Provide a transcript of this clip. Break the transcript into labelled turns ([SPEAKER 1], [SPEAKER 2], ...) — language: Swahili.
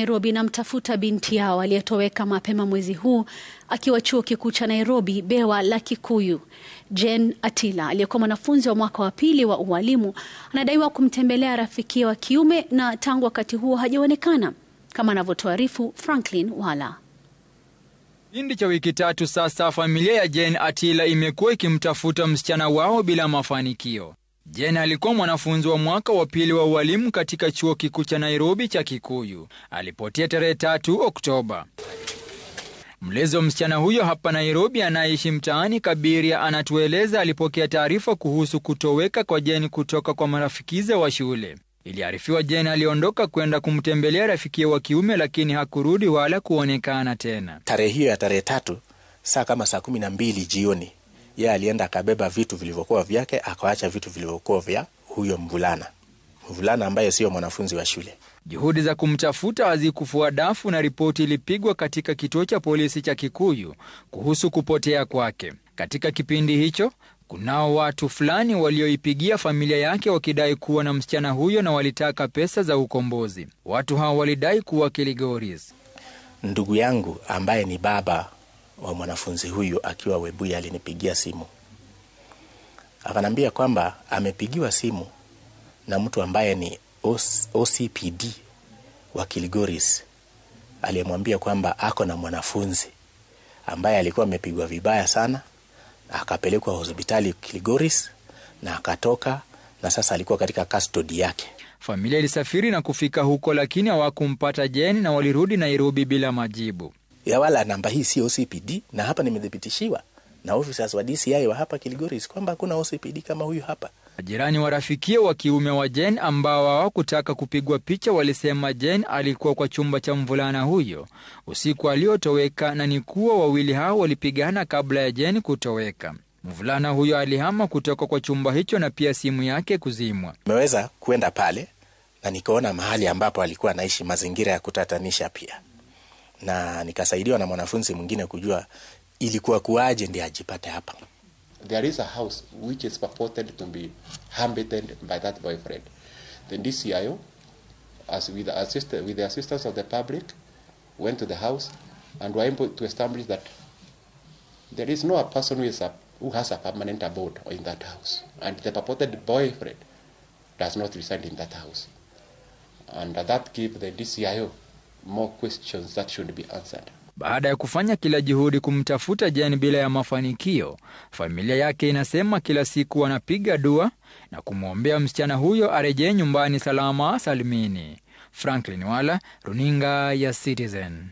[SPEAKER 1] Nairobi inamtafuta binti yao aliyetoweka mapema mwezi huu akiwa chuo kikuu cha Nairobi bewa la Kikuyu. Jane Atila aliyekuwa mwanafunzi wa mwaka wa pili wa ualimu anadaiwa kumtembelea rafiki wa kiume na tangu wakati huo hajaonekana, kama anavyotuarifu Franklin Wala.
[SPEAKER 2] Kipindi cha wiki tatu sasa, familia ya Jane Atila imekuwa ikimtafuta msichana wao bila mafanikio. Jen alikuwa mwanafunzi wa mwaka wa pili wa ualimu katika chuo kikuu cha Nairobi cha Kikuyu. Alipotea tarehe tatu Oktoba. Mlezi wa msichana huyo hapa Nairobi anayeishi mtaani Kabiria anatueleza alipokea taarifa kuhusu kutoweka kwa jeni kutoka kwa marafikize wa shule. Iliarifiwa Jen aliondoka kwenda kumtembelea rafikiye wa kiume, lakini hakurudi wala kuonekana tena.
[SPEAKER 3] Tarehe hiyo ya tarehe tatu, saa kama saa kumi na mbili jioni yeye alienda akabeba vitu vilivyokuwa vyake, akaacha vitu vilivyokuwa vya huyo mvulana, mvulana ambaye siyo mwanafunzi wa shule.
[SPEAKER 2] Juhudi za kumtafuta hazikufua dafu, na ripoti ilipigwa katika kituo cha polisi cha Kikuyu kuhusu kupotea kwake. Katika kipindi hicho kunao watu fulani walioipigia familia yake wakidai kuwa na msichana huyo na walitaka pesa za ukombozi. Watu hao walidai kuwa Kiligoris,
[SPEAKER 3] ndugu yangu ambaye ni baba wa mwanafunzi huyu akiwa Webuye alinipigia simu akanambia kwamba amepigiwa simu na mtu ambaye ni OCPD wa Kilgoris aliyemwambia kwamba ako na mwanafunzi ambaye alikuwa amepigwa vibaya sana, akapelekwa hospitali Kilgoris na akatoka, na sasa alikuwa katika kastodi yake.
[SPEAKER 2] Familia ilisafiri na kufika huko, lakini hawakumpata Jane na walirudi Nairobi bila majibu
[SPEAKER 3] ya wala namba hii sio OCPD, na hapa nimedhibitishiwa na ofisa wa DCI wa hapa Kilgoris kwamba hakuna OCPD kama huyu hapa.
[SPEAKER 2] Majirani warafikia wa kiume wa Jen ambao hawakutaka kupigwa picha walisema Jen alikuwa kwa chumba cha mvulana huyo usiku aliotoweka, na ni kuwa wawili hao walipigana kabla ya Jen kutoweka. Mvulana huyo alihama kutoka kwa chumba hicho na pia simu yake kuzimwa.
[SPEAKER 3] Nimeweza kwenda pale na nikaona mahali ambapo alikuwa anaishi mazingira ya kutatanisha pia na nikasaidiwa na mwanafunzi mwingine kujua ilikuwa kuaje ndi ajipate hapa.
[SPEAKER 4] There is a house which is purported to be habited by that boyfriend. The DCIO as with the assist with the assistance of the public went to the house and were able to establish that there is no a person who is a who has a permanent abode in that house and the purported boyfriend does not reside in that house and that gave the DCIO more questions that should be answered.
[SPEAKER 2] Baada ya kufanya kila juhudi kumtafuta Jane bila ya mafanikio, familia yake inasema kila siku wanapiga dua na kumwombea msichana huyo arejee nyumbani salama salimini. Franklin Wala, runinga ya Citizen.